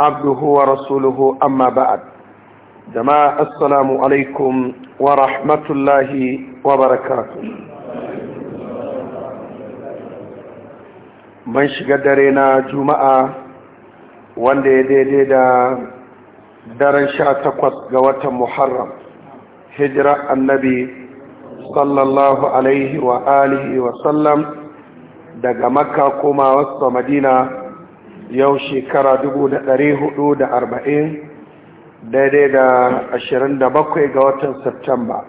عبده ورسوله أما بعد جماعة السلام عليكم ورحمة الله وبركاته من شقدرنا جمعة wanda دي daidai da daren sha takwas ga watan muharram hijira annabi sallallahu alaihi wa alihi wa sallam daga makka koma wasu madina yau shekara dubu da ɗari hudu da arba'in daidai da ashirin da bakwai ga watan Septemba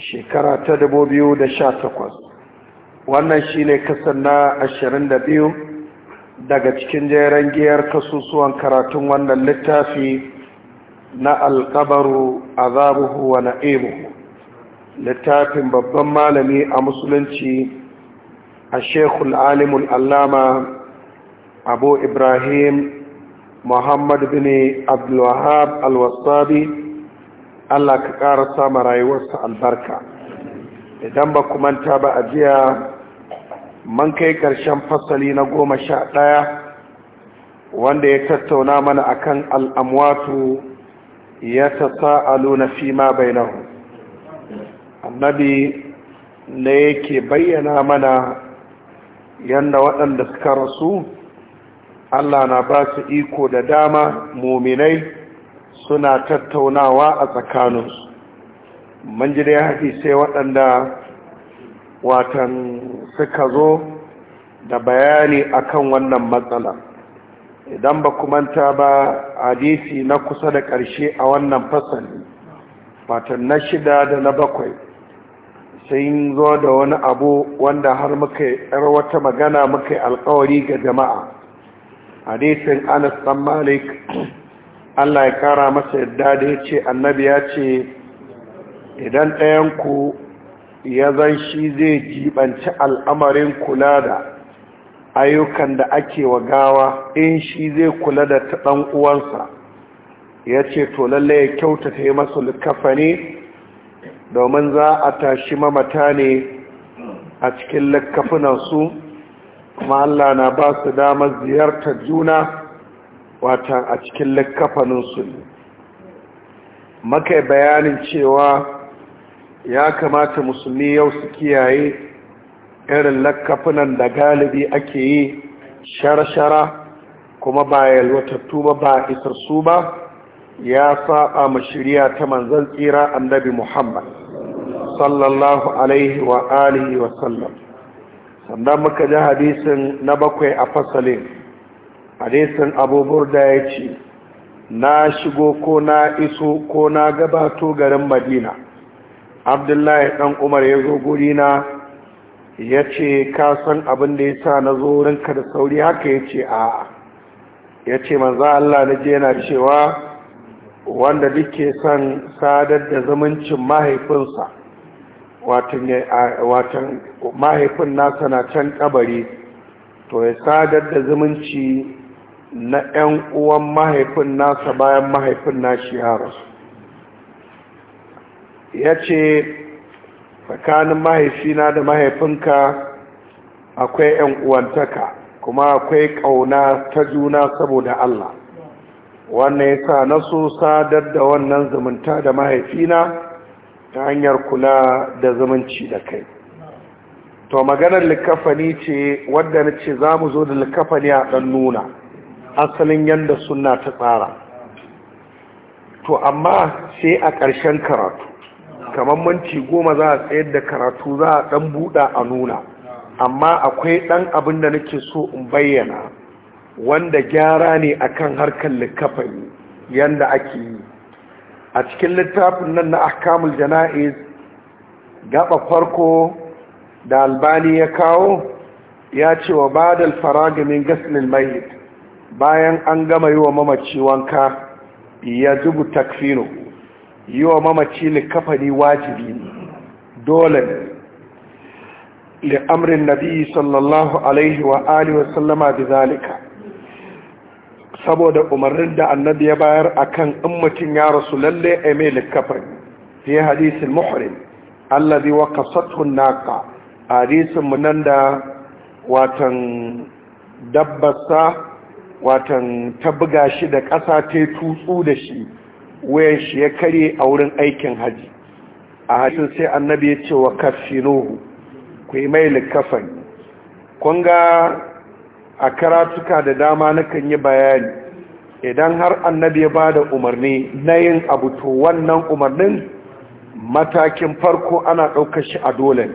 shekara ta dubu biyu da sha takwas wannan shi ne kasar na ashirin da biyu daga cikin jeren giyar kasusuwan karatun wannan littafi na alkabaru azabuhu wa na'imuhu littafin babban malami a musulunci a shekul alimul allama abu ibrahim muhammad bin abdulwahab alwasabi allah ka ƙara sama rayuwarsa albarka idan ba ku manta ba a jiya man kai ƙarshen fasali na goma sha ɗaya wanda ya tattauna mana akan al'amwatu ya tasa'alu na fima bainahu annabi ne yake bayyana mana yadda waɗanda suka rasu Allah na ba su iko da dama muminai suna tattaunawa a tsakaninsu man ji dai sai waɗanda watan suka zo da bayani akan wannan matsala idan ba kumanta ba hadisi na kusa da ƙarshe a wannan fasali watan na shida da na bakwai sai zo da wani abu wanda har muka yi wata magana muka yi alkawari ga jama'a hadisin anas ɗan malik allah ya kara masa yadda da ya ce annabi ya ce idan ɗayanku ya zan shi zai jibanci al'amarin kula da ayyukan da ake wa gawa in shi zai kula da ta ɗan uwansa ya ce to lalle ya kyautata yi masu likafa ne domin za a tashi mamata ne a cikin likafinansu kuma Allah na ba su damar ziyartar juna watan a cikin likafaninsu ne makai bayanin cewa ya kamata musulmi yau su kiyaye irin lakafinan da galibi ake yi shara-shara kuma ba yalwatattu ba ba isarsu ba ya saba ma shirya ta manzan tsira annabi muhammad sallallahu alaihi wa alihi wa sallam sannan muka ji hadisin na bakwai a fasalin hadisin abubuwar da ya ce na shigo ko na iso ko na gabato garin madina abdullahi ɗan umar ya zo gurina ya ce ka san abin da ya sa na zo rinka da sauri haka ya ce a ya ce manza Allah na je yana cewa wanda ke son sadar da zumuncin mahaifinsa watan mahaifin nasa na can kabari to ya sadar da zumunci na 'yan uwan mahaifin nasa bayan mahaifin nashi ya rasu ya ce tsakanin mahaifina da mahaifinka akwai 'yan uwantaka kuma akwai ƙauna ta juna saboda Allah wannan ya sa na so sadar da wannan zumunta da mahaifina ta hanyar kula da zumunci da kai to maganar likafani ce wadda na ce za mu zo da likafani a ɗan nuna asalin yadda suna ta tsara to amma sai a ƙarshen karatu kamar minti goma za a tsayar da karatu za a ɗan buɗa a nuna amma akwai ɗan abin da nake so in bayyana wanda gyara ne akan harkar likafani yadda ake yi a cikin littafin nan na ahkamul jana'iz gaba farko da albani ya kawo ya ce wa ba da gas min gaslin bayan an gama yi wa mamaci wanka ya zubu takfino yi wa mamaci likafani wajibi ne dole ne amrin nabi sallallahu alaihi wa alihi wasallama bi zalika saboda umarnin da annabi ya bayar akan in mutum ya rasu lalle a mai likafin fi hadisin muhrim allazi wa kasatun naka hadisin nan da watan dabbasa watan ta buga shi da ƙasa ta tutsu da shi wayan shi ya kare a wurin aikin haji a hadisin sai annabi ya ce wa kafinuhu ku yi mai likafin kun a karatuka da dama nakan yi bayani idan har annabi ya bada umarni na yin abu to wannan umarnin matakin farko ana ɗaukar shi a dole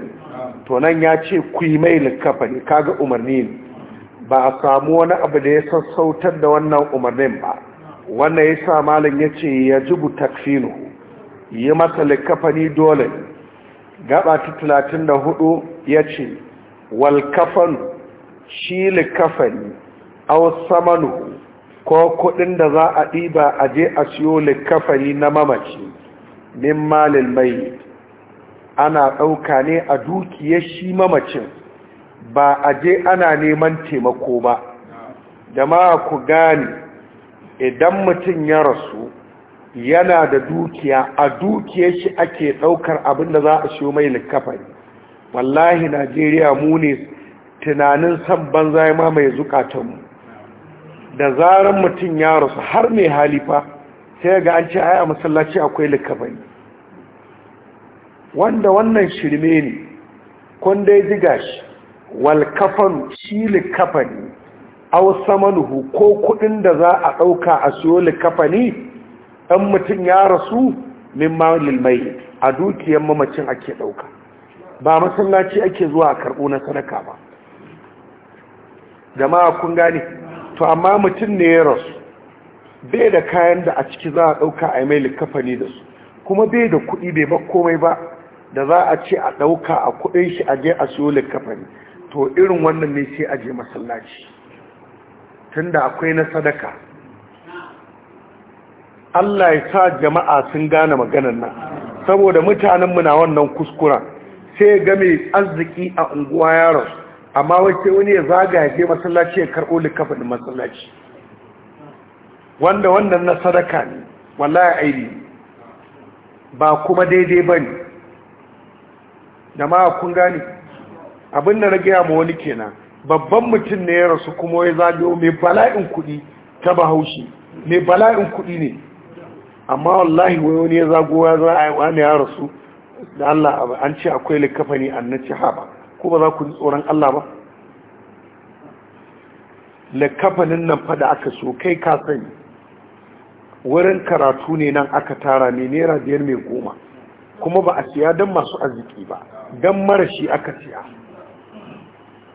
to nan ya ce ku yi mai likafa ne kaga umarni ne ba a samu wani abu da ya sassautar da wannan umarnin ba wannan ya sa malin ya ce ya jibu takfino yi masa likafa ne dole gaba ta 34 ya ce walkafanu shi likafani aw samanu ko kudin da za a ɗiba a je a siyo likafani na mamaci min malil mai ana ɗauka ne a dukiyar shi mamacin ba a je ana neman taimako ba Da ma ku gani idan mutum ya rasu yana da dukiya a dukiyar shi ake ɗaukar abin da za a siyo mai likafani wallahi najeriya mu ne tunanin san banza ya mamaye mu. da zaran mutum ya rasu har mai halifa sai ga an ce ai a masallaci akwai likabai wanda wannan shirme ne kun dai diga shi walkafan shi likafani au ko kudin da za a dauka a siyo likafani ɗan mutum ya rasu min malil mai a dukiyar mamacin ake dauka ba masallaci ake zuwa a karbo na sadaka ba jama'a kun gane to amma mutum ne ya rasu bai da kayan da a ciki za a ɗauka a mai likafani da su kuma bai da kuɗi bai ba komai ba da za a ce a ɗauka a kuɗin shi a je a siyo likafani to irin wannan ne sai a je masallaci tunda akwai na sadaka Allah ya sa jama'a sun gane maganar nan saboda mutanenmu na wannan kuskura sai ga mai arziki a unguwa ya rasu amma wace wani ya zaga ya je masallaci ya karɓo likafin masallaci wanda wannan na sadaka ne wallahi aini ba kuma daidai ba ne da ma kun gani abin da na gaya ma wani kenan babban mutum ne ya rasu kuma ya zagayo mai bala'in kuɗi ta bahaushe mai bala'in kuɗi ne amma wallahi wani ya zago za a yi wani ya rasu da Allah an ce akwai likafani an na ci haɓa ko ba za ku ji tsoron Allah ba kafanin nan fa da aka so kai ka sani wurin karatu ne nan aka tara ne naira biyar mai goma kuma ba a siya don masu arziki ba don marashi aka siya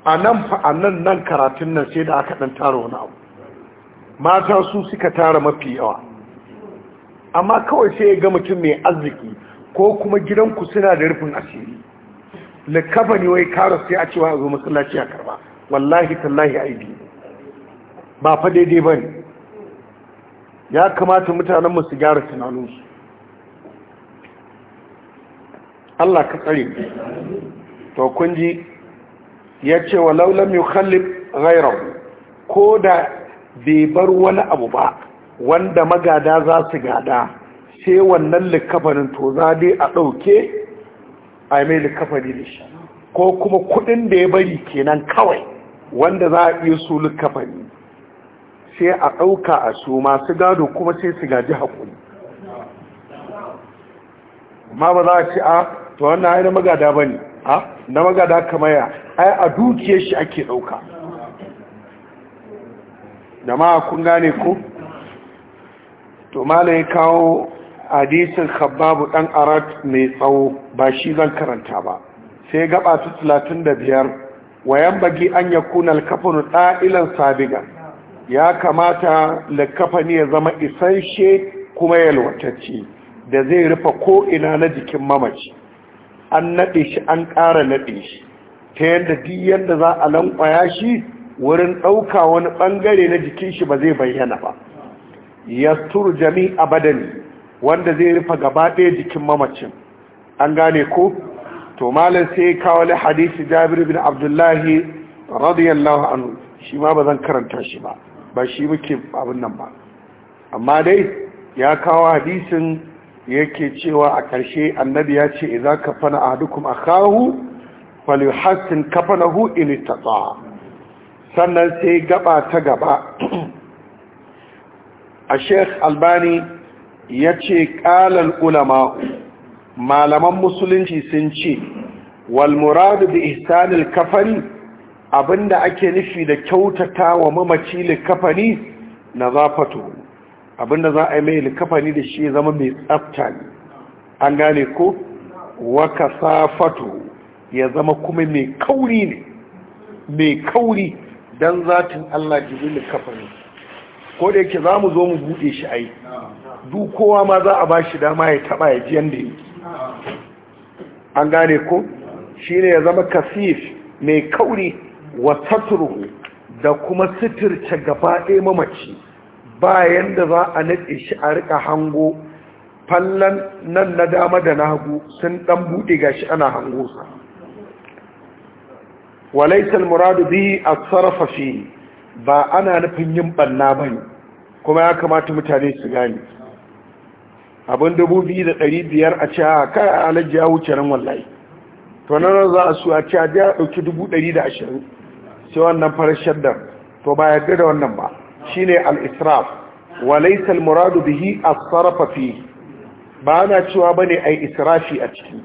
a nan fa a nan nan karatun nan sai da aka dan tara wani abu mata su suka tara mafi yawa amma kawai sai ya ga mutum mai arziki ko kuma gidanku suna da rufin asiri likafa ne wai karo sai a cewa a zo masallaci a karba wallahi tallahi aibi ba fa daidai ba ne ya kamata mutanenmu su gyara tunaninsu Allah ka tsare to kun ya ce wa laulam yi khallif ko da bai bar wani abu ba wanda magada za su gada sai wannan likafanin to za dai a ɗauke a mai likafani da shi ko kuma kudin da ya bari kenan kawai wanda za a iya su likafani sai a ɗauka a su masu gado kuma sai su gaji haƙuri ma ba za a ce a ah, to wannan ai na magada ba ne a ah, na magada kamar ya ai a dukiyar shi ake ɗauka da ma kun gane ko to ma ya kawo hadisin khababu dan arat mai tsawo ba shi zan karanta ba sai gaba ta talatin da biyar wayan bagi an ya kuna alkafanu ɗa'ilan sabiga ya kamata likafani ya zama isasshe kuma yalwatacce da zai rufe ko'ina na jikin mamaci an naɗe shi an ƙara naɗe shi ta yadda duk yadda za a lankwaya shi wurin ɗauka wani ɓangare na jikin shi ba zai bayyana ba yastur jami'a badani wanda zai rufe gaba ɗaya jikin mamacin an gane ko to malam sai kawo li hadisi jabir bin abdullahi radiyallahu anhu shi ma ba zan karanta shi ba ba shi muke abin nan ba amma dai ya kawo hadisin yake cewa a ƙarshe annabi ya ce idza kafana ahdukum akahu falyuhassin kafanahu in istata sannan sai gaba ta gaba a sheikh albani ya ce ƙalar ulama malaman musulunci sun ce walmuradu da ihsanil kafani abinda ake nufi da kyautata wa mamaci likafani na zafato abinda za a yi mai likafani da shi zama mai tsafta ne an gane ko waka safato ya zama kuma mai kauri ne mai kauri don zatin allah jibin likafani ko da yake za mu zo mu buɗe shi ai duk kowa ma za a ba shi dama ya taba ya ji yadda yake an gane ko shi ne ya zama kasif mai kauri wa tattaruhu da kuma suturce gaba ɗaya mamaci bayan da za a naɗe shi a rika hango fallon nan na dama da na hagu sun ɗan buɗe ga shi ana hango sa walaisal muradu bihi a sarrafa ba ana nufin yin ɓanna ba kuma ya kamata mutane su gane abin dubu biyu da ɗari biyar a cewa ah, kai a alaji ya wuce nan wallahi to nan za a su a cewa ya ɗauki dubu ɗari da ashirin sai wannan farar shaddar to ba yarda da wannan ba Shi al-israf wa muradu bihi a sarrafa fi ba na cewa bane ai israfi a ciki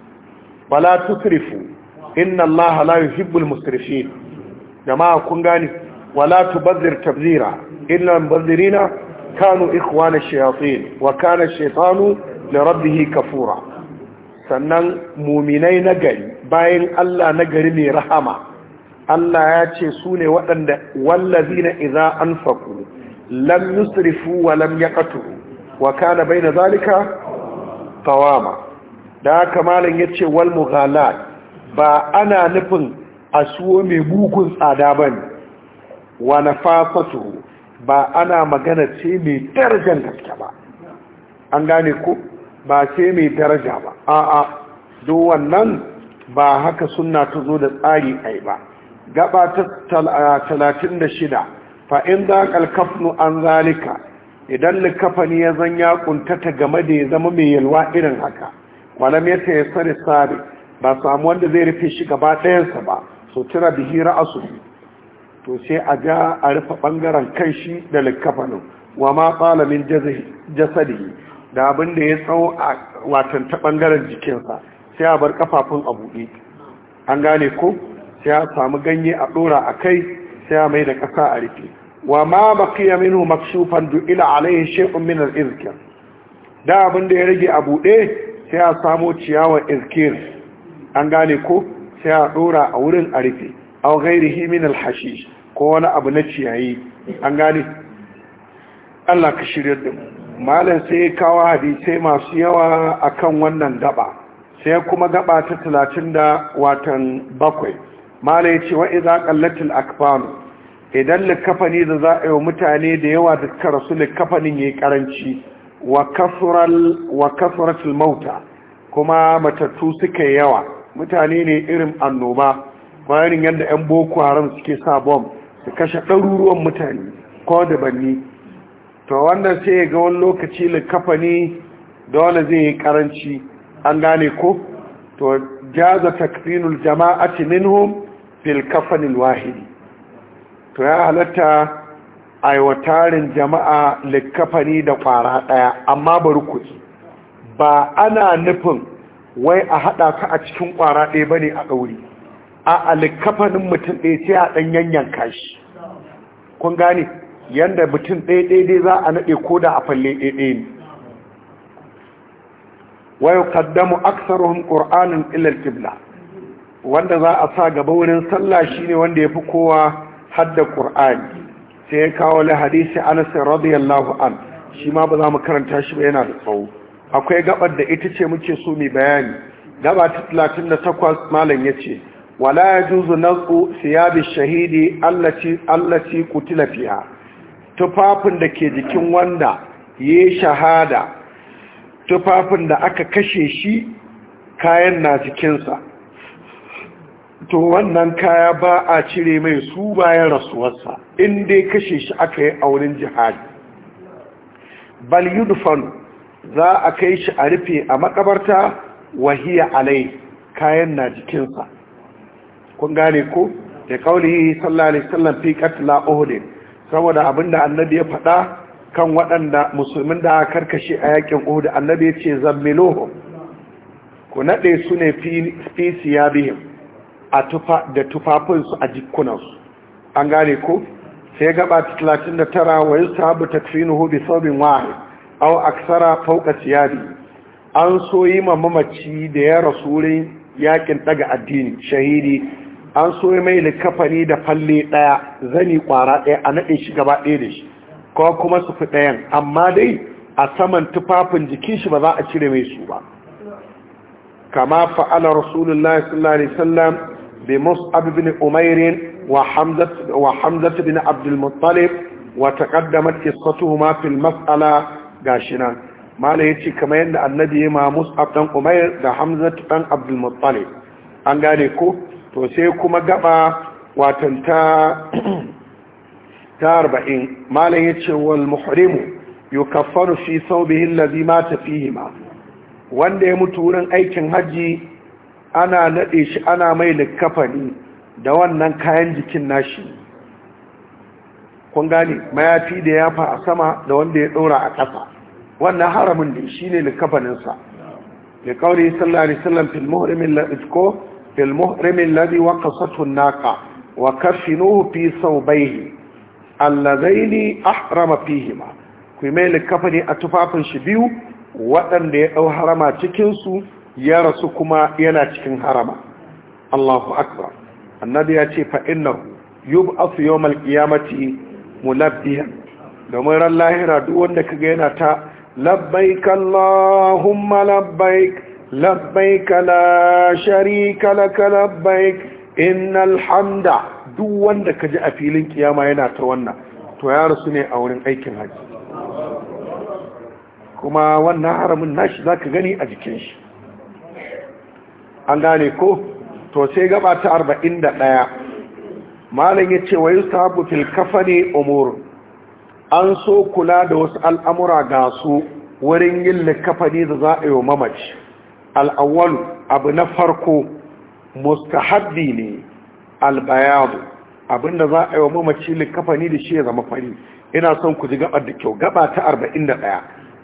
bala tusrifu inna allaha la yuhibbul musrifin jama'a kun gani wala tubazzir tabzira illa al-mubazzirina kanu ikhwana shayatin wa kana shaytanu li rabbih kafura sannan muminai na gari bayan Allah na gari mai rahama Allah ya ce su ne waɗanda iza idza anfaqu lam yusrifu wa lam yaqturu wa kana baina zalika qawama da kamalan yace wal mughalat ba ana nufin asuwo mai gugun tsada bane wa nafaqatu ba ana magana ce mai darajar gaske ba an gane ko ba ce mai daraja ba a'a do wannan ba haka sunna ta zo da tsari ai ba gaba ta talatin da shida fa'in za kafnu an zalika idan likafani ya zan ya kuntata game da ya zama mai yalwa irin haka walam ya ta tsari ba samu wanda zai rufe shi gaba ɗayansa ba so tira hira asusu. to sai a ga a rufe ɓangaren kai shi da likkafanin wa ma min jasadi da abin da ya tsawo a watan ta ɓangaren jikinsa sai a bar kafafun a buɗe an gane ko sai a samu ganye a ɗora a kai sai a mai da ƙasa a rufe wa ma baqiya minu makshufan du'ila alayhi shay'un min al-izkir da abin da ya rage a buɗe sai a samo ciyawar izkir an gane ko sai a ɗora a wurin a rufe aw ghairihi min al-hashish ko wani abu na ciyayi an gane Allah ka shiryar da malam sai kawo hadisai masu yawa akan wannan gaba sai kuma gaba ta 30 da watan bakwai malam yace wa idza qallatil akfan idan likafani da za a yi mutane da yawa da suka rasu likafanin yayi karanci wa kasral wa kasratul mauta kuma matattu suka yawa mutane ne irin annoba bayanin yadda 'yan boko haram suke sa bom su kashe ɗaruruwan mutane ko da banni to wannan sai ya ga wani lokaci likafani dole zai yi karanci an gane ko to jaza takrinul jama'ati minhum fil kafanin wahidi to ya halatta aiwatarin jama'a likafani da kwara ɗaya amma bari kuɗi ba ana nufin wai a haɗa ka a cikin kwara ɗaya ba ne a ɗauri a alkafanin mutum ɗaya sai a ɗan yanyan kashi kun gane yadda mutum ɗaya ɗaya za a naɗe ko da a falle ɗaya ne wayo kaddamu aksaruhun ƙor'anin ilar kibla wanda za a sa gaba wurin sallah ne wanda ya fi kowa hadda ƙur'ani sai ya kawo la hadisi anas radiyallahu an shi ma ba za mu karanta shi ba yana da tsawo akwai gabar da ita ce muke so mai bayani gaba ta 38 malam ya ce. wala ya yajuzu nasu siyabi shahidi allati allati qutila fiha tufafin da ke jikin wanda yayi shahada tufafin da aka kashe shi kayan na jikinsa to wannan kaya ba a cire mai su bayan rasuwarsa in dai kashe shi aka yi a wurin jihadi bal yudfanu za a kai shi a rufe a makabarta wahiya alai kayan na jikinsa kun gane ko da kauli sallallahu alaihi wasallam fi qatla uhud saboda abinda annabi ya faɗa kan waɗanda musulmin da karkashe a yakin uhud annabi ya ce zammiluhu ku nade su ne fi siyabihim a tufa da tufafin su a su an gane ko sai gaba 39 wa yusabu takfinuhu bi sabin wahid aw aksara fawqa siyabi an so yi mamaci da ya rasulin yakin daga addini shahidi an so mai likafani da falle ɗaya zani kwara ɗaya a naɗe shi gaba ɗaya da shi ko kuma su fi ɗayan amma dai a saman tufafin jikin shi ba za a cire mai su ba kama fa'ala rasulullahi sallallahu alaihi wasallam bi mus'ab ibn umair wa hamzat wa hamzat ibn abd al-muttalib wa taqaddamat qissatuhuma fil mas'ala gashinan mala yace kamar yadda annabi ya ma mus'ab dan umair da hamza dan abd al-muttalib an gane ko to sai kuma gaba watan ta ta arba'in malam ya ce wal muhrimu yi kafaru shi sau bihi lazi ma wanda ya mutu wurin aikin hajji, ana nade shi ana mai likafani da wannan kayan jikin nashi kun ya mayafi da ya fa a sama da wanda ya dora a ƙasa wannan haramin da shine ne likafaninsa da qawli sallari sallan wasallam fil في المحرم الذي وقصته الناقة وكفنوه في صوبيه اللذين أحرم فيهما كما لكفني أتفاف شبيو وأن أو حرما تكنسو يرسكما ينا تكن حرما الله أكبر النبي يأتي فإنه يبعث يوم القيامة ملبيا دمير الله lahira أنك wanda kaga yana ta labbaik labbaik la sharika lak labbaik innal hamda duk wanda ji a filin kiyama yana ta wannan to ya rasu ne a wurin aikin haji kuma wannan haramin nashi zaka gani a jikin shi an gane ko to sai gaba ta 41 malam yace wa yusabu fil kafani umur an so kula da wasu al'amura ga su wurin yin likafani da za a yi wa mamaci al'awwalu abu na farko mustahabbi ne albayadu abinda za a yi wa mamaci likafani da shi ya zama fari ina son ku ji gabar da kyau gaba ta 41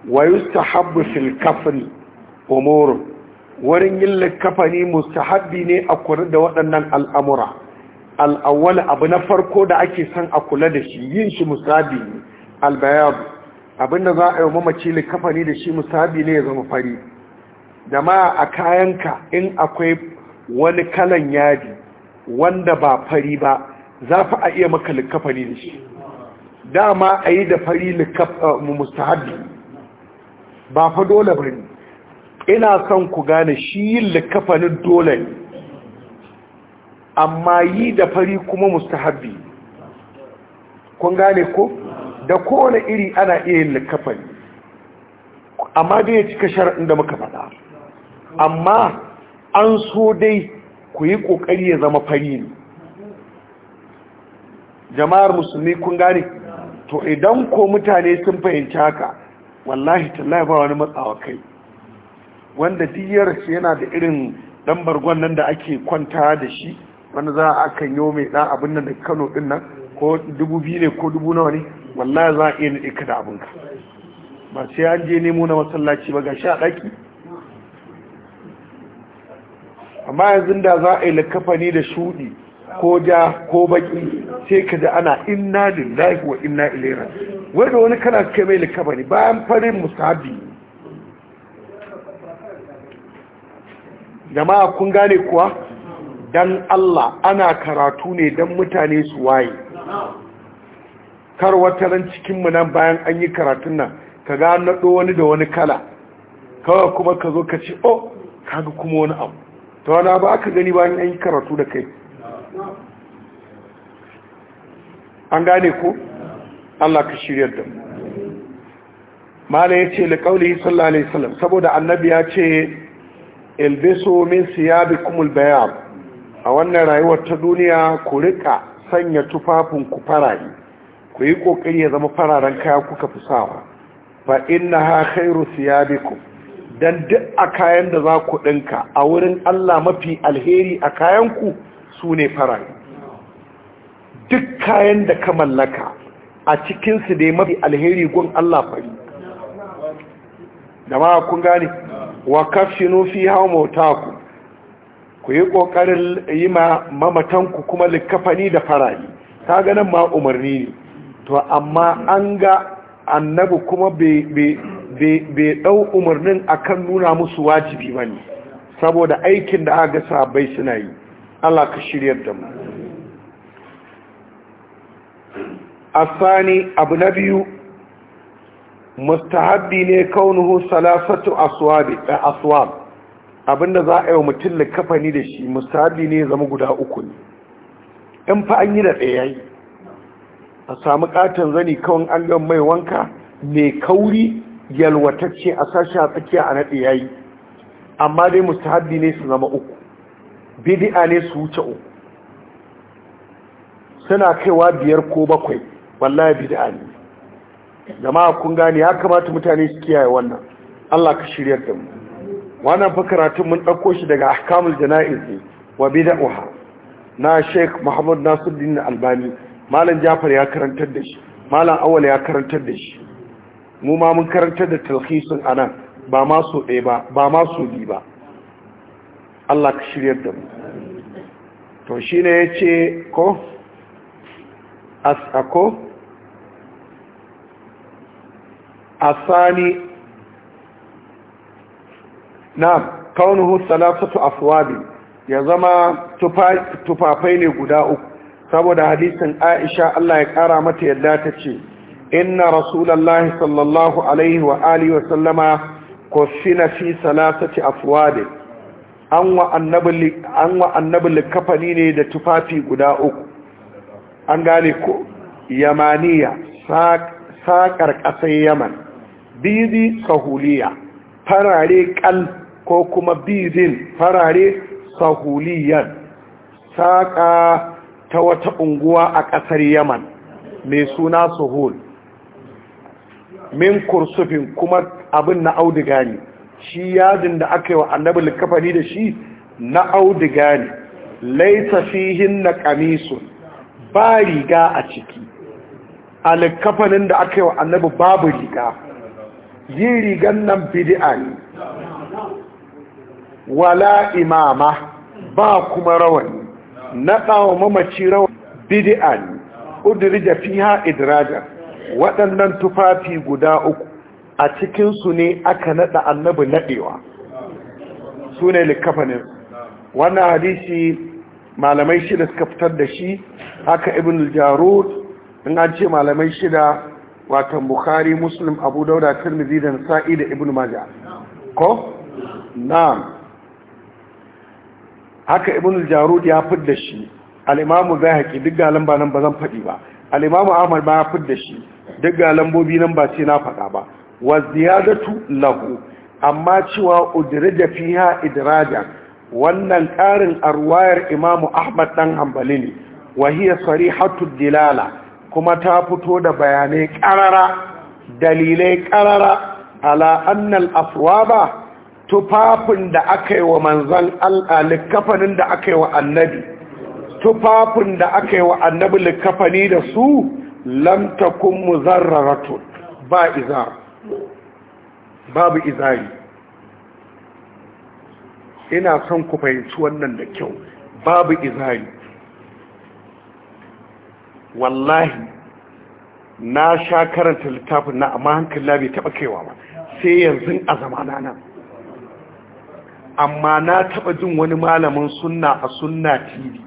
wa yustahabbu fil kafni umaru wurin yin likafani mustahabbi ne a kula da waɗannan al'amura al'awwal abu na farko da ake son a kula da shi yin shi mustahabbi ne albayadu abinda za a yi wa mamaci likafani da shi mustahabbi ne ya zama fari da ma a kayanka in akwai wani kalan yadi wanda ba fari ba za fi a iya maka likafani da shi dama a yi da fari mustahabi ba fa dole ba ne ina son ku gane shi yin likafanin dole ne amma yi da fari kuma mustahabi kun gane ko da kowane iri ana iya yin likafani amma dai ya cika shara'in da muka faɗa amma an so dai ku yi ƙoƙari ya zama fari ne jama'ar musulmi kun gane to idan ko mutane sun fahimci haka wallahi tallahi ba wani matsawa kai wanda diyar shi yana da irin dan bargon nan da ake kwanta da shi wanda za a kan yi mai dan abin nan da Kano din nan ko dubu biyu ne ko dubu nawa ne wallahi za a iya nade ka da abinka ba sai an je nemo na masallaci ba ga gashi a ɗaki. amma yanzun da za a yi lakafani da shuɗi ko ja ko baki sai ka da ana inna lillahi wa inna ilaihi wai da wani kana kai mai lakafani bayan farin musabi jama'a kun gane kuwa dan Allah ana karatu ne dan mutane su waye kar ran cikin mu nan bayan an yi karatun nan ka ga naɗo wani da wani kala kawai kuma ka zo ka ce oh kaga kuma wani abu ta wani ba aka gani bayan an yi karatu da kai an gane ku Allah ka shirya da mu ya ce da kauli sallallahu alaihi wasallam saboda annabi ya ce ilbiso min kumul bayan a wannan rayuwar ta duniya ku rika sanya tufafin ku farari ku yi kokari ya zama fararen kaya kuka fi sawa fa innaha khairu siyabikum don duk a kayan da za ku ɗinka a wurin Allah mafi alheri a kayanku su ne fara duk kayan da ka mallaka a cikinsu dai mafi alheri gun Allah fari da ma kun gane wa kafshinu fi hawa mautaku ku yi ƙoƙarin yi ma mamatanku kuma likafani da farare ta ganin ma umarni ne to amma an ga annabi kuma bai ɗau umarnin akan nuna musu wajibi ba ne saboda aikin da aka bai suna yi Allah ka shiryar da mu asani abu na biyu mustahabbi ne kaunuhu salasatu eh, aswab abinda za a yi wa mutum likafani da shi mustahabbi ne zama guda uku ne in fa an yi da ɗaya yi a sami katon zani kawon an gan mai wanka mai kauri yalwatacce a sashi a tsakiya a naɗe ya yi amma dai mustahabbi ne su zama uku bidi'a ne su wuce uku suna kaiwa biyar ko bakwai wallaya bidi'a ne jama'a kun gane ya kamata mutane su kiyaye wannan Allah ka shirya da mu wannan fi karatun mun ɗauko shi daga ahkamul jana'in ne wa bid'uha na Sheikh Muhammad Nasiruddin Albani malam Jafar ya karantar da shi malam Awal ya karantar da shi mu ma mun karanta da talhisun a nan ba ma so ɗaya ba ba ma so bi ba Allah ka shiryar da mu to shi ne ya ce ko asako asani na kaunuhu salasatu aswabi ya zama tufafai ne guda uku saboda hadisin aisha Allah ya kara mata yadda ta ce inna rasulallahi sallallahu alaihi wa alihi wa sallama kufina fi salasati afwade an wa annabi likafani ne da tufafi guda uku an gane yamaniya saƙar ƙasar yaman bizi sahuliya farare ƙal ko kuma bizin farare sahuliyan saƙa ta wata unguwa a ƙasar yaman mai suna suhul min kursufin kuma abin na auduga ne shi yadin da aka yi wa annabi likafani da shi na auduga ne laisa fihin na kamisun ba riga a ciki a likafanin da aka yi wa annabi babu riga yi rigan nan bidi'a ne wala imama ba kuma rawani na ɗawa mamaci rawan. bidi'a ne udiri da fiha idrajar waɗannan tufafi guda uku a cikinsu ne aka naɗa annabi naɗewa su ne likafanin wannan hadisi malamai shida suka fitar da shi haka ibn jarud in an ce malamai shida watan bukhari muslim abu dauda tirmidhi da sa'i da ibn maja ko na'am haka ibn jarud ya da shi Alimamu zai haƙi duk ga ba nan ba zan faɗi ba Alimamu ahmad ba ya da shi duk ga lambobi nan ba ce na faɗa ba wa ziyadatu lahu amma cewa udraja fiha idraja wannan ƙarin arwayar imamu ahmad dan hanbali ne wa hiya sarihatu dilala kuma ta fito da bayanai ƙarara dalilai ƙarara ala annal afwaba tufafin da aka yi wa manzan al'alikafanin da aka yi wa annabi tufafin da aka yi wa annabi likafani da su lam takun muzarraratun ba izar babu izari ina son ku fahimci wannan da kyau babu izari wallahi na sha karanta littafin na amma hankali bai taba kaiwa ba sai yanzu a zamana nan amma na taɓa jin wani malamin sunna a sunna tv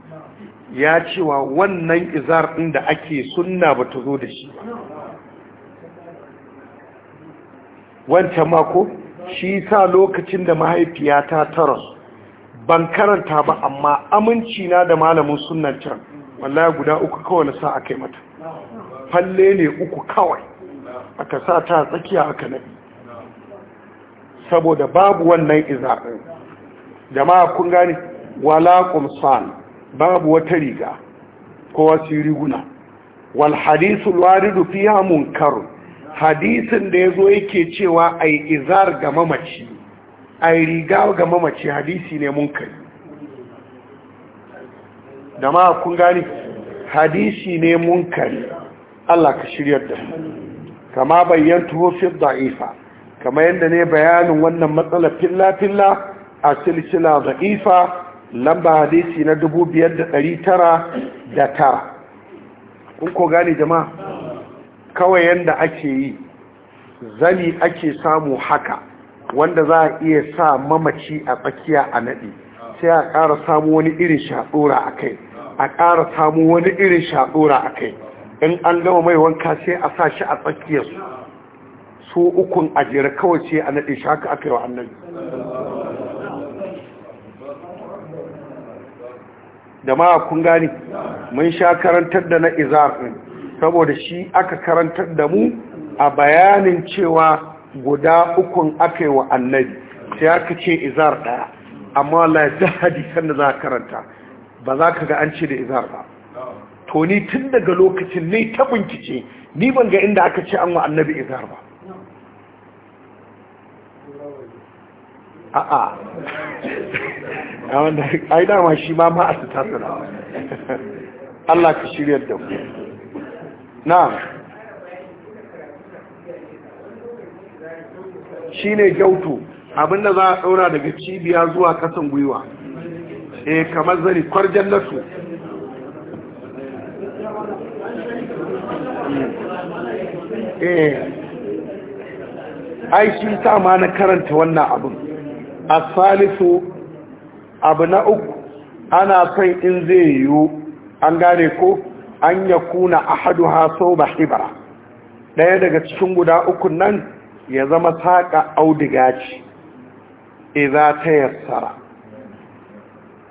ya cewa wannan izar ɗin da ake sunna ba ta zo da shi wancan mako shi sa lokacin da mahaifiyata ta rasu ban karanta ba amma aminci na da malamin sunan can wallahi guda uku kawai na sa aka yi mata falle ne uku kawai aka sa ta tsakiya aka nabi saboda babu wannan iza'in jama'a kun gani wala kumsan babu wata riga ko wasu riguna wal hadisul waridu fiha munkar. hadisin da yazo yake cewa ai izar ga mamaci ai riga ga mamaci hadisi ne munkari da ma kun gani hadisi ne munkari Allah ka shiryar da kama bayyantu fi da'ifa kama yanda ne bayanin wannan matsalar filla filla a silsila da'ifa lamba hadisi na dubu biyar da ɗari tara da tara kun ko gane jama'a kawai yadda ake yi zani ake samu haka wanda za a iya sa mamaci a tsakiya a naɗi sai a ƙara samu wani irin shaɗora a kai a ƙara samu wani irin shaɗora a kai in an gama mai wanka sai a sa shi a tsakiyarsu su ukun ajiyar kawai sai a naɗe shi haka aka yi wa annabi jama'a kun gani mun sha karantar da na izar din saboda shi aka karantar da mu a bayanin cewa guda ukun aka yi wa annabi sai aka ce izar daya amma wallahi hadisan da za ka karanta ba za ka ga an ce da izar ba to ni tun daga lokacin ne ta bincike ni ban ga inda aka ce an wa annabi izar ba a'a a wanda ai dama shi ma ma a su tasira Allah ka shirya da ku na shi ne gyautu abinda za a ɗaura daga cibiya zuwa kasan gwiwa e kamar zari kwarjan nasu eh ai shi ma na karanta wannan abin A Salisu. abu na uku ana son in zai yiwu an gane ko an ya kuna ahadu haso ba hibara ɗaya daga cikin guda uku nan ya zama saƙa audiga ce iza ta yassara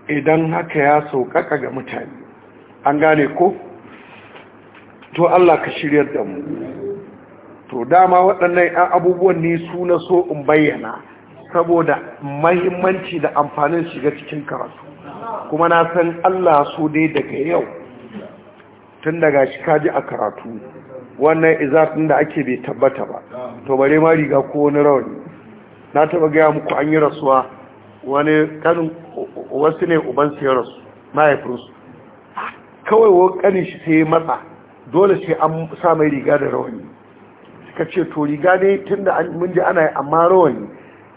idan haka ya sauƙaƙa ga mutane an gane ko to Allah ka shiryar da mu to dama waɗannan 'yan abubuwan ne su na so in bayyana saboda mahimmanci da amfanin shiga cikin karatu kuma na san Allah so dai daga yau tun daga shi kaji a karatu wannan izafin da ake bai tabbata ba to bare ma riga ko wani rauni na taba gaya muku an yi rasuwa wani kanin wasu ne uban sai rasu mahaifinsu kawai wani kanin shi sai matsa dole sai an sa mai riga da rauni suka ce to riga ne tun da mun ji ana yi amma rawani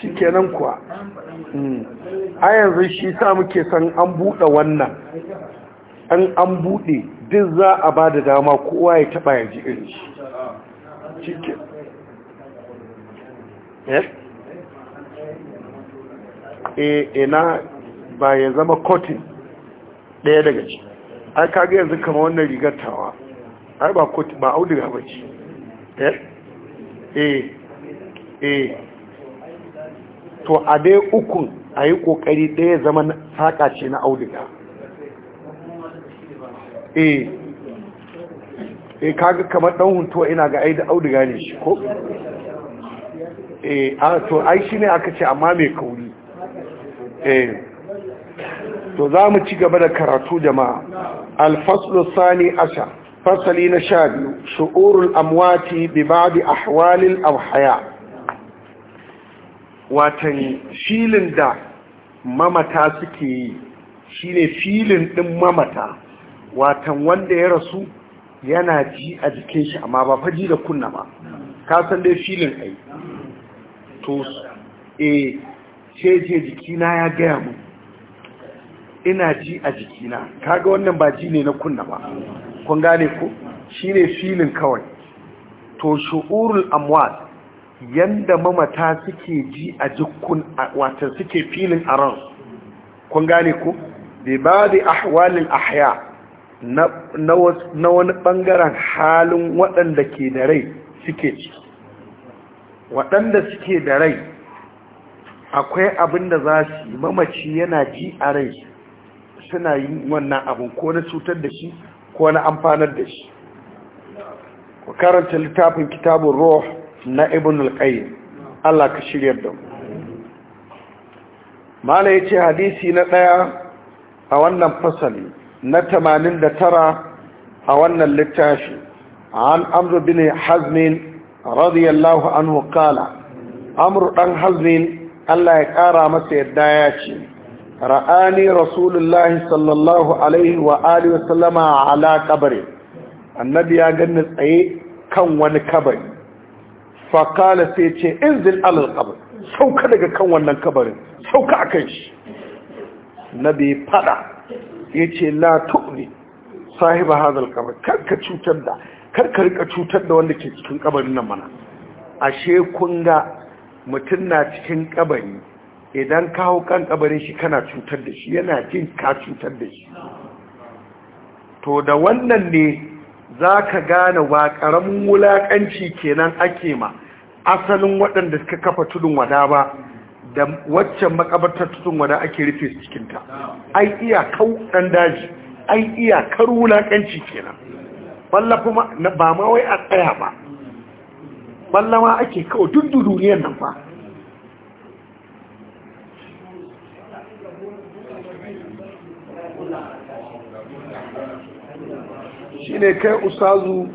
shi kenan kuwa hmm. a yanzu shi sa muke san an buɗe wannan an an buɗe duk za a ba da dama kowa ya taɓa ya ji irin shi eh? eh ina ba ya zama kotin ɗaya daga ci ai kaga yanzu kama wannan rigar tawa ai ba kotin ba auduga ba ci eh eh, eh. to a dai ukun a yi ƙoƙari ɗaya zama saƙa ce na auduga eh eh kaga kamar ɗan huntuwa ina ga aida auduga ne shi ko eh a to ai shi ne aka ce amma mai kauri eh to za mu ci gaba da karatu jama'a alfaslu sani asha fasali na sha biyu shu'urul amwati bi ba'di ahwalil awhaya watan filin da mamata suke yi shine filin ɗin mamata watan wanda ya rasu yana ji a jikin shi amma ba faji da kunna ba kasan dai filin ai to eh, e ce jikina ya gaya mu ina ji a jikina kaga wannan ba ji ne na kunna ba kun gane ko shine filin kawai to shu'urul amwat yanda mamata suke ji a jikun watan suke filin a ran kun gane ku bai ba da ahwalin ahya na wani bangaren halin waɗanda ke da rai suke ci waɗanda suke da rai akwai abin da za su yi mamaci yana ji a rai suna yi wannan abin ko na cutar da shi ko na amfanar da shi ku karanta littafin kitabun roh na ibn al-qayyim Allah ka shiryar da mu mala yace hadisi na daya a wannan fasali na 89 a wannan littafi an amru bin hazm radiyallahu anhu qala amru dan hazm Allah ya kara masa yadda ya ce ra'ani rasulullahi sallallahu alaihi wa alihi sallama ala qabri annabi ya ganni tsaye kan wani kabari fakala sai ce inzil alal qabr sauka daga kan wannan kabarin sauka a kan shi Na bai fada ce la tu'ni sahiba hadal qabr karka cutar da karka rika cutar da wanda ke cikin kabarin nan mana ashe kun ga mutum na cikin kabari idan ka hau kan kabarin shi kana cutar da shi yana jin ka cutar da shi to da wannan ne za ka gane wa ƙaramin wulaƙanci kenan ake ma asalin waɗanda suka kafa tudun wada ba da waccan makabartar tudun wada ake rufe su cikinta ai iya kau ɗan daji ai iya kar wulaƙanci kenan balla kuma ba ma wai a tsaya ba balla ma ake kawo duk duniyar nan ba ne kai ustazu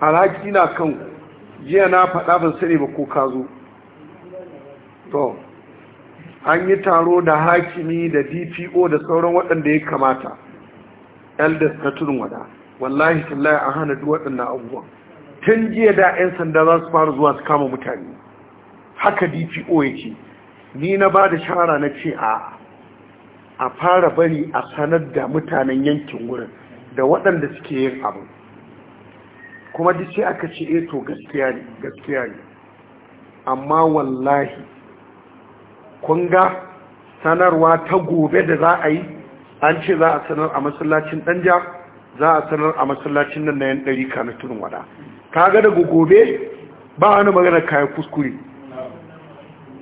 alhaki na kan jiya na faɗa ban sani ba ko ka zo to an yi taro da hakimi da dpo da sauran waɗanda ya kamata elders na turin wada wallahi tallaya an hana duk waɗannan abubuwan tun jiya da 'yan sanda za su fara zuwa su kama mutane haka dpo yake ni na ba da shara na ce a a fara bari a sanar da mutanen yankin wurin da waɗanda suke yin abu kuma duk sai aka ce eto eh, to gaskiya ne gaskiya ne amma wallahi kun ga sanarwa ta gobe da za a yi an ce za a sanar a masallacin danja za a sanar a masallacin nan na yan ɗari kana tunin wada ka ga daga gobe ba wani magana kayan kuskure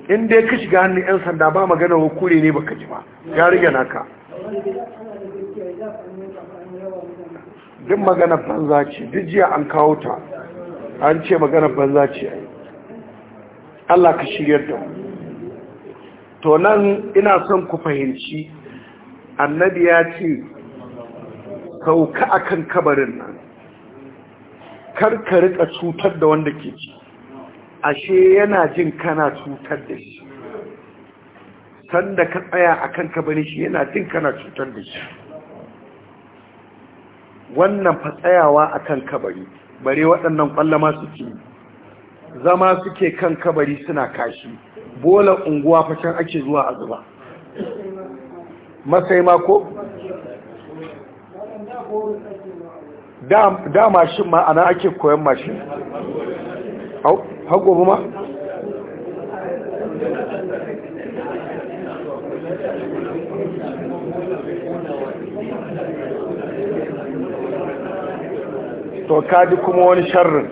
in dai ka shiga hannun 'yan sanda ba magana hukure ne baka ji ba ya riga naka duk maganar banza ce duk jiya an kawo ta an ce maganar banza ce Allah ka shiryar da mu to nan ina son ku fahimci annabi ya ce sauka akan kabarin nan kar ka cutar da wanda ke ci ashe yana jin kana cutar da shi sanda ka tsaya akan kabarin shi yana jin kana cutar da shi wannan fatsayawa a kan kabari bare waɗannan masu ci zama suke kan kabari suna kashi bola unguwa fashin ake zuwa a zuba masai mako? da mashin ma'ana ake koyon mashin gobe ma? to kaji kuma wani sharrin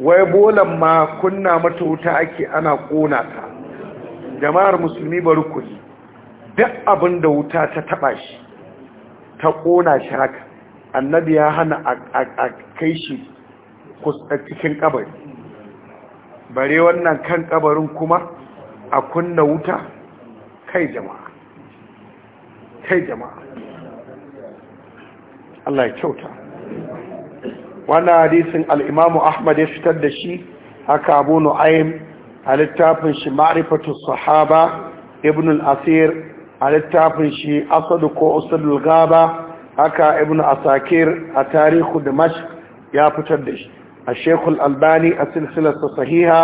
wai bolan ma kunna mata wuta ake ana kona ta jama'ar musulmi bari ku ji duk abin da wuta ta taba shi ta kona shi haka annabi ya hana a kai shi cikin kabari bare wannan kan kabarin kuma a kunna wuta kai jama'a kai jama'a Allah ya kyauta wannan hadisin al'imamu ahmad ya fitar da shi haka abu nu'aim a littafin shi ma'rifatu sahaba ibn asir a littafin shi asadu ko usulul gaba haka ibn asakir a tarihu dimash ya fitar da shi a shekul albani a silsilarsa sahiha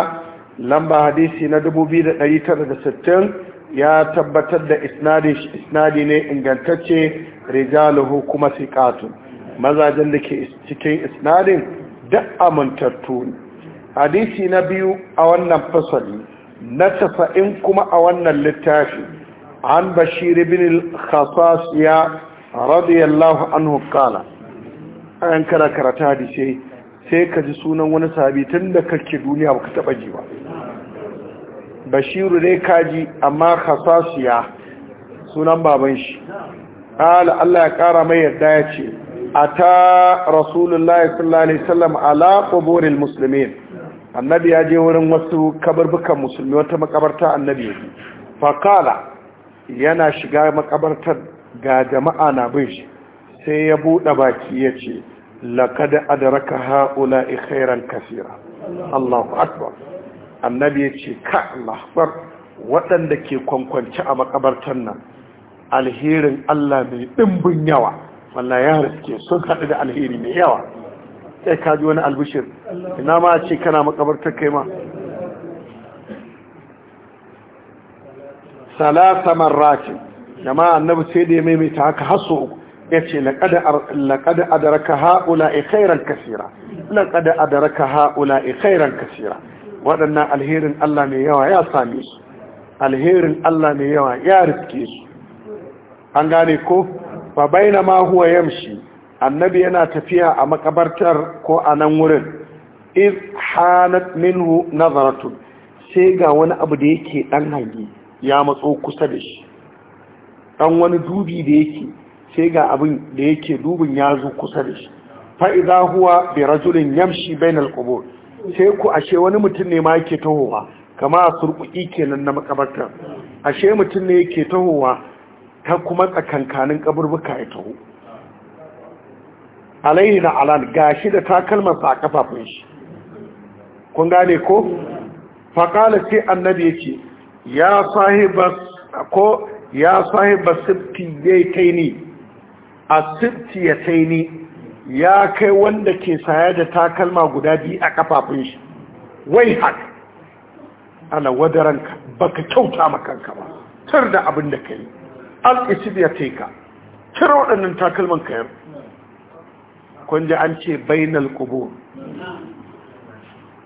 lamba hadisi na 2960 ya tabbatar da isnadi ne ingantacce rijaluhu kuma siƙatun mazajen da ke cikin isnadin duk amintattu ne hadisi na biyu a wannan fasali na tafa'in kuma a wannan littafi an bashir ibn ya radiyallahu anhu kala an kara karata hadisi sai ka ji sunan wani sahabi tun da kake duniya baka taba ji ba bashiru dai kaji amma khasasiya sunan baban shi Allah ya kara mai yadda ya ce ata rasulullahi sallallahu alaihi wasallam ala quburil annabi ya je wurin wasu kabarbukan musulmi wata makabarta annabi faqala yana shiga makabartar ga jama'a na bin shi sai ya buɗe baki ya ce laƙada adaraka haula khairan kasira Allahu akbar annabi ya ce ka Allah waɗanda ke kwankwanci a makabartar nan alherin Allah mai ɗimbin yawa wannan ya harfike sun haɗu da alheri mai yawa sai ka ji wani albishir ina ma ce kana makabartar kai ma salasa marratin jama'a annabi sai da ya maimaita haka haso uku ya ce laƙada adaraka ha'ula a khairan kasira laƙada adaraka ha'ula a khairan kasira waɗannan alherin Allah mai yawa ya same su alherin Allah mai yawa ya riske su an gane ko fa ma huwa yamshi annabi yana tafiya a makabartar ko a nan wurin iz hanat minhu nazaratu sai ga wani abu da yake dan hangi ya matso kusa da shi dan wani dubi da yake sai ga abin da yake dubin ya zo kusa da shi fa idza huwa bi rajulin yamshi bainal qubur sai ku ashe wani mutum ne ma yake tahowa kama a surkuki kenan na makabarta ashe mutum ne yake tahowa ta kuma tsakankanin kaburbuka ya taho alaihi na alan gashi da takalmarsa a kafafun shi kun gane ko faƙala ce annabi ya ce ya sahibar ko ya sahibar sifti ya yi ni a sifti ya taini ya kai wanda ke saya da takalma guda biyu a kafafun shi wai haka ana wadaranka baka kyauta makanka ba tar da abin da ka yi alƙisib ya teka cire waɗannan takalman kayan kun ji an ce bainal kubo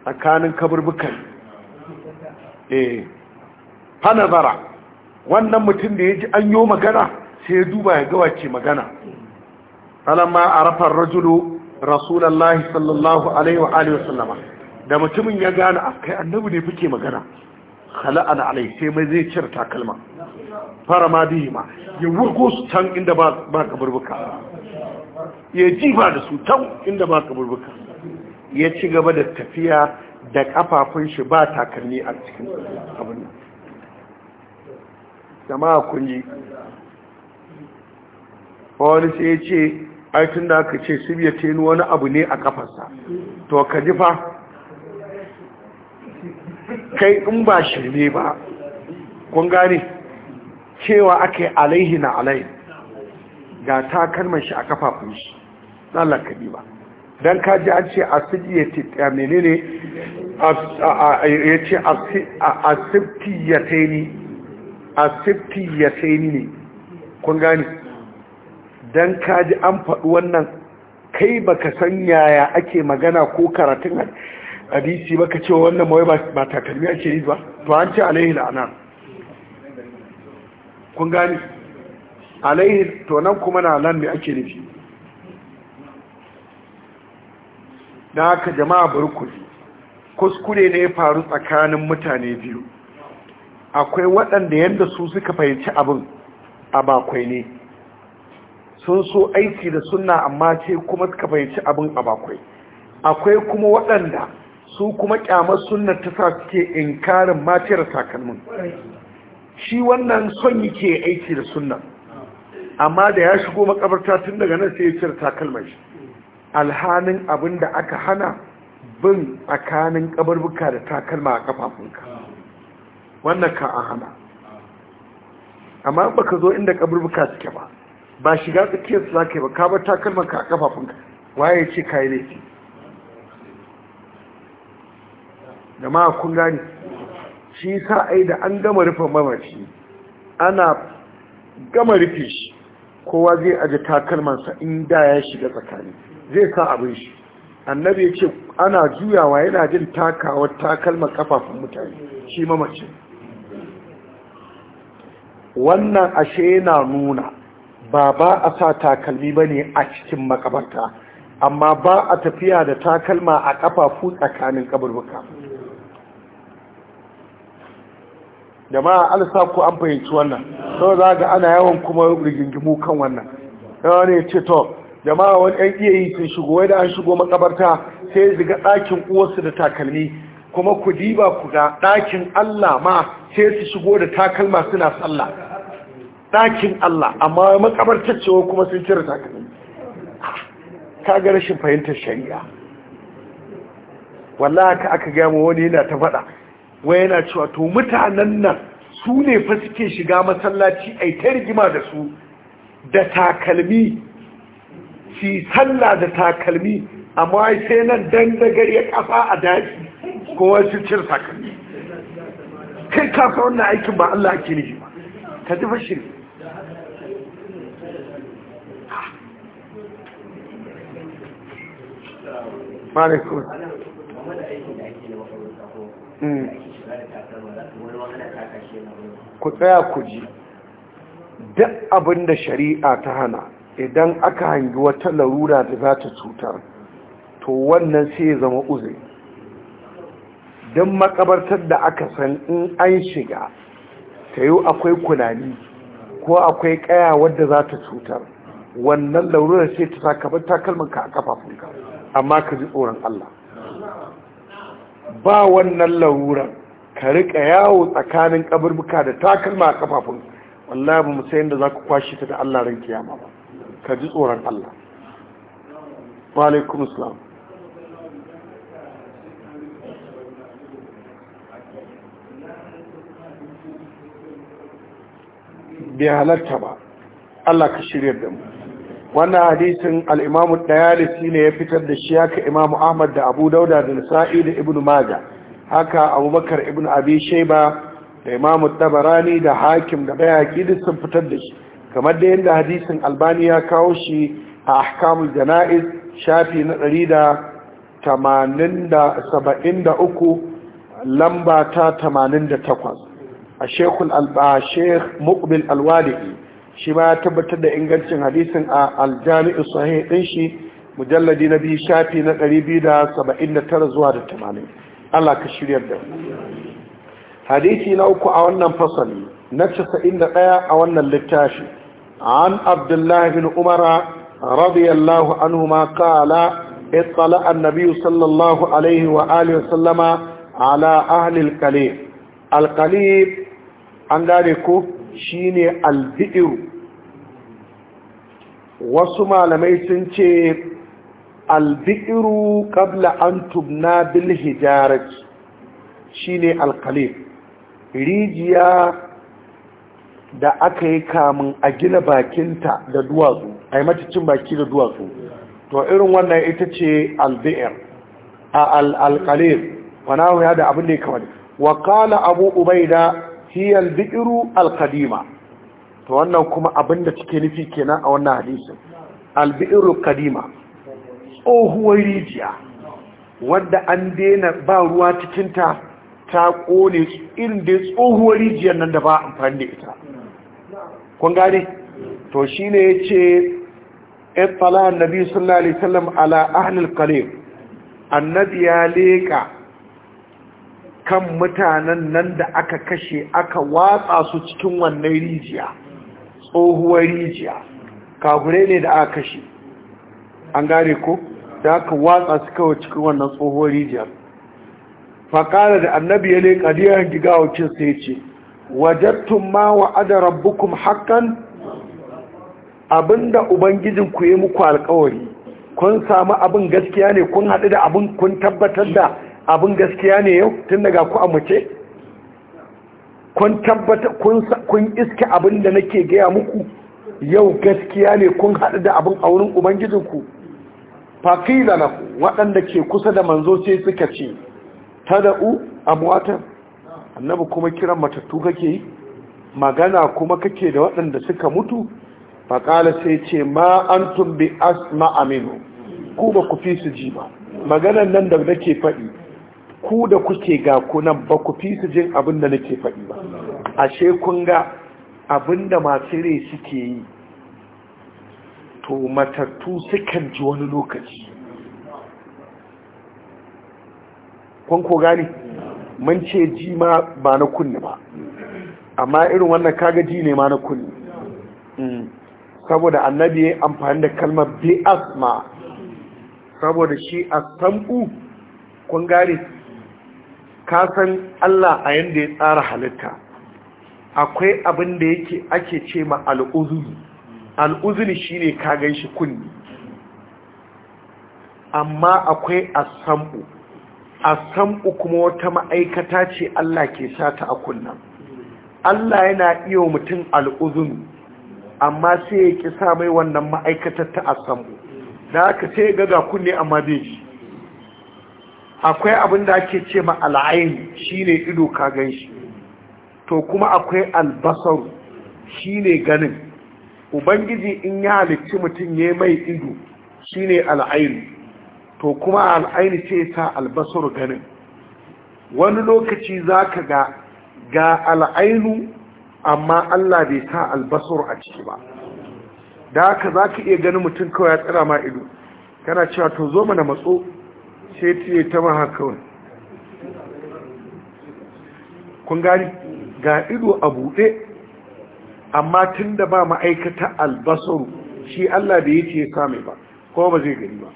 tsakanin kaburbukan eh hanazara wannan mutum da ya ji an yi magana sai ya duba ya ga ce magana alamma a rajulu rasulallah sallallahu alaihi wa alihi wasallama da mutumin ya gane a kai annabi ne fike magana khala'an alai sai mai zai cire takalma fara ma ma ya wurgo su can inda ba burbuka ya jifa da su can inda ba burbuka ya ci gaba da tafiya da kafafun shi ba takalmi a cikin abin jama'a kun yi wani sai ya ce aikin da aka ce su biya yi wani abu ne a kafarsa to ka fa kai in ba shirme ba kun gane cewa aka yi alaihi na alai ga takalman shi a kafafun shi na Allah ka ba don kaji an ce a ne a menene ya ce a siftiyataini a siftiyataini ne kun gani don kaji an faɗi wannan kai ba ka san yaya ake magana ko karatun hadisi ka ce wannan mawai ba takalmi ake yi ba to an ce alaihi la'anar kun gani alaihi to nan kuma na nan ne ake nufi na aka jama'a burkuli kuskure ne ya faru tsakanin mutane biyu akwai waɗanda yadda su suka fahimci abin a bakwai ne sun so aiki da suna amma ce kuma suka fahimci abin a bakwai akwai kuma waɗanda su kuma kyamar suna ta sa suke inkarin matiyar takalmin shi wannan son yake aiki da sunna amma da ya shigo makabarta tun daga nan sai ya cire takalmar shi alhanin abin da aka hana bin tsakanin kabarbuka da takalma a kafafunka wannan ka a hana amma baka zo inda kabarbuka suke ba ba shiga tsakiyar su zaka ba ka bar ka a kafafunka waye ce kai laifi jama'a kun gani shi sa yi da an gama rufe mamaci ana gama rufe shi kowa zai aji takalmansa inda ya shiga tsakani zai sa abin shi annabi ya ce ana juyawa yana jin takawar takalma kafafun mutane shi mamacin wannan ashe yana nuna ba ba a sa takalmi ba ne a cikin makabarta amma ba a tafiya da takalma a kafafu tsakanin kaburbuka jama'a alisa ku an fahimci wannan sau za ga ana yawan kuma rigingimu kan wannan yawa ne ce to jama'a wani yan iya yi sun shigo wai da an shigo makabarta sai ziga ɗakin uwarsu da takalmi kuma ku diba ku ga ɗakin allah ma sai su shigo da takalma suna sallah ɗakin allah amma makabartar cewa kuma sun cire takalmi kaga rashin fahimtar shari'a wallahi aka gaya gama wani yana ta faɗa wai yana cewa to mutanen nan su ne fa suke shiga masallaci yi ta rigima da su da takalmi si sallah da takalmi amma sai nan dandagar ya kafa a daji ko wasu cin takalmi kai kafa wannan aikin ba Allah ke nufi ba ka ji fashin ne kuma. ku tsaya ku ji duk abin da shari'a ta hana idan aka hangi wata larura da za ta cutar to wannan sai ya zama uzuri don makabartar da aka san in an shiga ta yi akwai kunani ko akwai kaya wadda za ta cutar wannan larura sai ta sakabar takalmanka a kafafunka amma ka ji tsoron Allah ba wannan larurar ka rika yawo tsakanin kaburbuka da takalma a kafafun wallahi ba mu da za ku kwashe ta da Allah ran kiyama ba ka ji tsoron Allah wa alaikum salam bai halatta ba Allah ka shirya da mu wannan hadisin al-Imam Dayalisi ne ya fitar da shi haka Imam Ahmad da Abu Dauda da Nisa'i da Ibn Majah haka abubakar ibn abi shaiba da imamu tabarani da hakim da bayaki duk sun fitar da shi kamar da yadda hadisin albani ya kawo shi a ahkamul jana'iz shafi na ɗari da tamanin da saba'in da uku lamba ta tamanin da takwas a shekul muqbil al alwadi'i shi ma ya tabbatar da ingancin hadisin a aljami'u sahih din shi mujalladi na biyu shafi na 279 biyu da saba'in da tara zuwa da tamanin Allah ka shirya da hadisi na uku a wannan fasali na 91 a wannan littafi an abdullahi bin umara radiyallahu anhuma qala اطلع النبي صلى الله عليه وآله وسلم على أهل القليب القليب an gane ko shine albi'ir wasu malamai sun ce albi'iru kabla an tubna bil hijarat shine alqalib rijiya da aka yi kamun a gina bakinta da duwatsu a yi macicin baki da duwatsu to irin wannan ita ce albi'ir a alqalib wana ya da abin da ya kamar wa qala abu ubaida hiya albi'iru alqadima to wannan kuma abin da take nufi kenan a wannan hadisin albi'iru kadima tsohuwar rijiya wadda an dena ba ruwa cikinta ta kone irin da tsohuwar rijiyar nan da ba amfani da ita kun gane to shi ne ya ce etsala annabi sallallahu alaihi wasallam ala ahlul qalib annabi ya leka kan mutanen nan da aka kashe aka watsa su cikin wannan rijiya tsohuwar rijiya kafure ne da aka kashe an gane ko da aka watsa su kawai cikin wannan tsohon rijiyar faƙara da annabi ya leƙa riyar gigawacin sai ce wajattun ma wa'ada rabbukum da abinda ku yi muku alƙawari kun samu abin gaskiya ne kun haɗu da abin kun tabbatar da abin gaskiya ne yau tun daga ku a mace kun tabbatar kun iske abin da nake gaya muku yau gaskiya ne kun haɗu da abin a wurin ubangijinku faƙila na waɗanda ke kusa da manzo sai suka ce ta da'u abuwatan annabi kuma kiran matattu kake yi magana kuma kake da waɗanda suka mutu faƙala sai ce ma an tumbi asma aminu ku ba ku fi su ji ba maganan nan da nake faɗi ku da kuke ga kunan ba ku fi su jin abin da nake faɗi ba ashe kun ga abin da masu rai suke yi to matattu sukan ji wani lokaci Kwan ko gani mun ce ji ma ba na kunni ba amma irin wannan kaga ji ne ma na kunni mm. saboda annabi ya amfani da kalmar bi ma saboda shi a sam'u kun gane kasan Allah a yadda ya tsara halitta akwai abin da yake ake ce ma al'uzuri al'uzuri shi ne kagan shi kunni amma akwai asambu asambu kuma wata ma'aikata ce Allah ke ta a kunnan Allah yana iya mutum al'uzuri amma sai ya ƙi samai wannan ma'aikatar ta asambu da aka sai ga ga kunne amma bai ji akwai abin da ake ce ma al'ayin shi ne ido kagan shi to kuma akwai albasar shi ne ganin ubangiji in ya halicci mutum ya mai ido shine al'aini to kuma al'aini ce ta albasar ganin wani lokaci za ka ga ga al'ainu amma Allah bai sa albasar a ciki ba da haka za ka iya ganin mutum kawai ya tsira ma ido kana cewa to zo mana matso sai tiye ta maha kawai kun gani ga ido a buɗe amma tun da ba ma'aikata albasaru shi Allah da ya ce ya same ba ko ba zai gani ba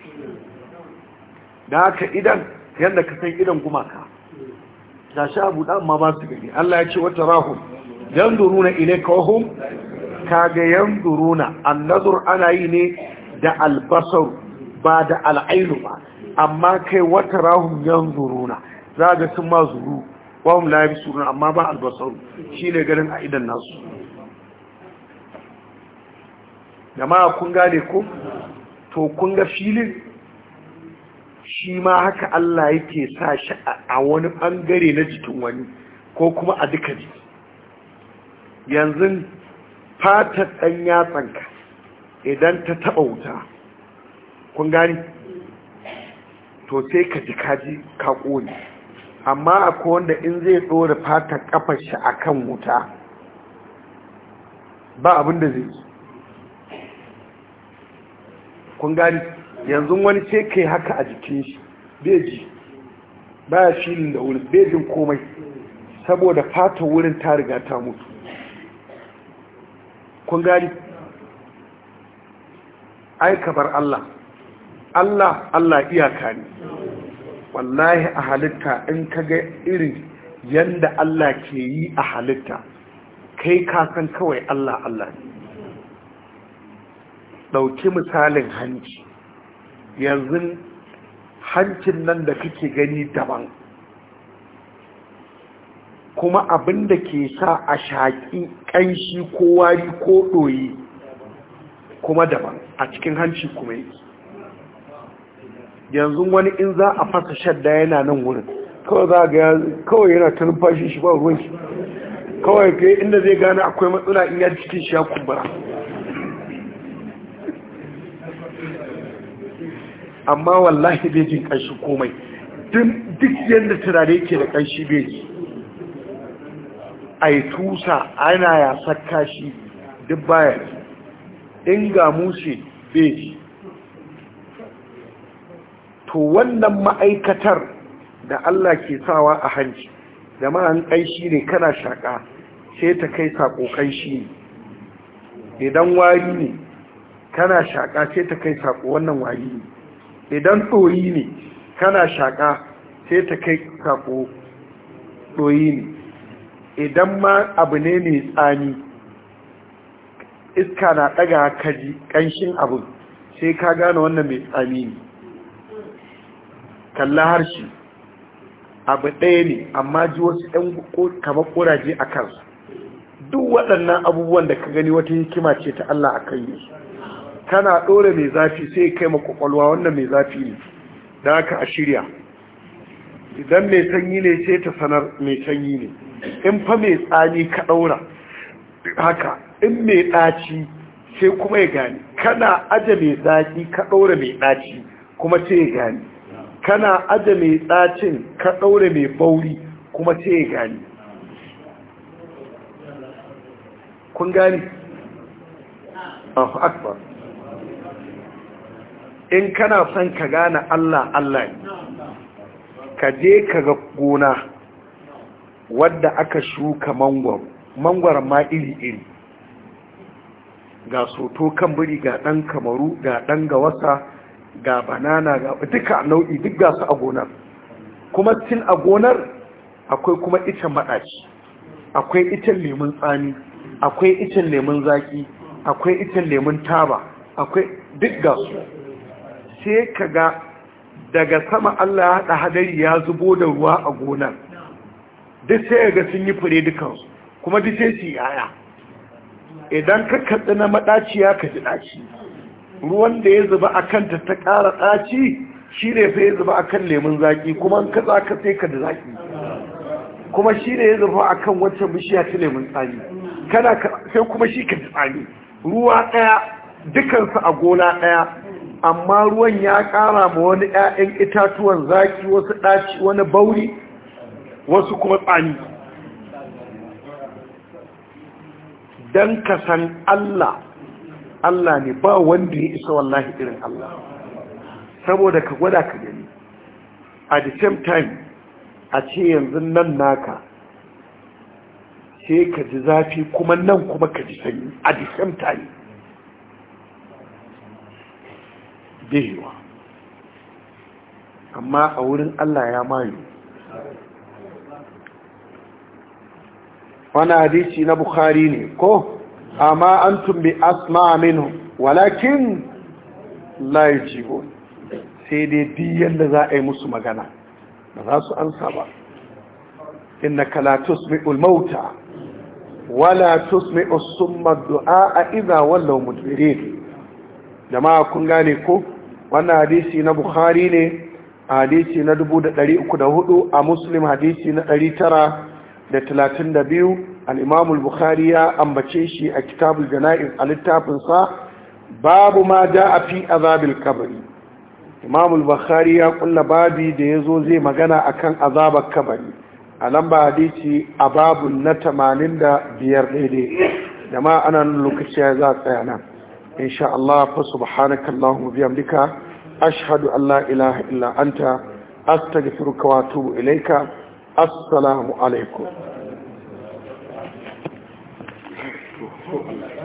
da haka idan yadda ka san idan gumaka ta sha buɗa amma ba su gani Allah ya ce wata rahun yan duruna ile kawahun kaga yan duruna annazur ana yi ne da albasaru ba da al'ainu ba amma kai wata rahu yan duruna za ga sun ma zuru wahun lafi suruna amma ba albasaru shi ne ganin a idan nasu jama'a kun gane ko to kun ga filin shi ma haka Allah yake sa shi a wani bangare na jikin wani ko kuma a duka jiki yanzu fata ɗan yatsanka idan ta taba wuta kun gane to sai ka ji kaji ka ƙone amma akwai wanda in zai ɗora fata kafar shi a wuta ba abin da zai yi kun gani yanzu wani ce kai haka a jikin shi beji ba ya shi da wurin bejin komai saboda fata wurin ta riga ta mutu kun gani ai kabar Allah Allah Allah iyaka ne wallahi a halitta in ka ga irin yanda Allah ke yi a halitta kai kasan kawai Allah Allah ne ɗauki misalin hanci yanzu hancin nan da kake gani daban kuma abin da ke sa a shaƙi ƙanshi ko wari ko ɗoyi kuma daban a cikin hanci kuma yake yanzu wani in za a fasa shadda yana nan wurin kawai za ga kawai yana ta numfashi shi ba ruwan shi kawai kai inda zai gane akwai matsala in ya cikin shi ya kubura. amma wallahi bai jin kanshi komai duk yadda turare ke da kanshi bai ji a yi tusa ana ya shi duk baya in ga mushe bai ji to wannan ma'aikatar da Allah ke sawa a hanci da ma'an kanshi ne kana shaka sai ta kai sako kanshi ne idan wari ne kana shaƙa sai ta kai sako wannan wari ne idan ɗoyi ne kana shaƙa sai ta kai kako ɗoyi ne idan ma abu ne mai tsani iska na ɗaga kaji ƙanshin abin sai ka gane wannan mai tsani ne kalla harshe abu ɗaya ne amma ji wasu ɗan kama ƙoraje a kansu duk waɗannan abubuwan da ka gani wata hikima ce ta Allah a kan yi kana ɗora mai zafi sai kai makwakwalwa wannan mai zafi ne da aka a shirya idan mai sanyi ne sai ta sanar mai sanyi ne in fa mai tsani ka ɗaura haka in mai ɗaci sai kuma ya gani kana aja mai zaƙi ka ɗaura mai ɗaci kuma sai ya gani kana aja mai ɗacin ka ɗaura mai bauri kuma sai ya gani kun gani? Allahu Akbar. in kana son ka gane Allah Allah ka je ka ga gona wadda aka shuka mangwaro mangwaron ma iri-iri ga soto kan biri ga ɗan kamaru ga ɗan gawasa ga banana ga duka nau'i duk ga su a gonar kuma cin a gonar akwai kuma icen madaci akwai icen lemun tsani, akwai icen lemun zaki akwai icen lemun taba akwai duk ga su sai kaga daga sama Allah ya haɗa hadari ya zubo da ruwa a gonar duk sai ga sun yi fure dukansu kuma duk sai su yaya idan ka kaɗi na maɗaciya ka ji ɗaci ruwan da ya zuba a kanta ta ƙara ɗaci shi ne sai ya zuba a kan lemun zaƙi kuma in ka ka sai ka da zaƙi kuma shi ne ya zuba a kan wancan bishiya ta lemun tsami kana sai kuma shi ka ji tsami ruwa ɗaya dukansu a gona ɗaya amma ruwan ya ƙara ma wani ƴaƴan itatuwan zaki wasu ɗaci wani bauri wasu kuma tsani don ka san Allah Allah ne ba wanda ya isa wallahi irin Allah saboda ka gwada ka gani at the same time a ce yanzu nan naka sai ka ji zafi kuma nan kuma ka ji sanyi at the same time amma a wurin Allah ya mayu wani hadisi na bukhari ne ko amma an tumbi asma aminu walakin layi jiho sai dai diyan da za a yi musu magana ba za su ansa ba inna kalatus mai ulmauta wala tusmi'u summa du'a idza mutum mudbirin jama'a kun gane ko wannan hadisi na bukhari ne hadisi na hudu a muslim hadisi na da da talatin 932 al’imamul bukhari ya ambace shi a kitabul jana'iz a littafinsa babu ma ja a fi azabil kabari imamul bukhari ya kulla babi da ya zo zai magana a kan azabar kabari a lamba hadisi a babu na 85 daidai da ma ana lokaci ya za tsaya nan insha Allah fa subhanaka Allahumma bihamdika ashhadu an la illa anta astaghfiruka wa atubu ilayka assalamu alaykum Thank you.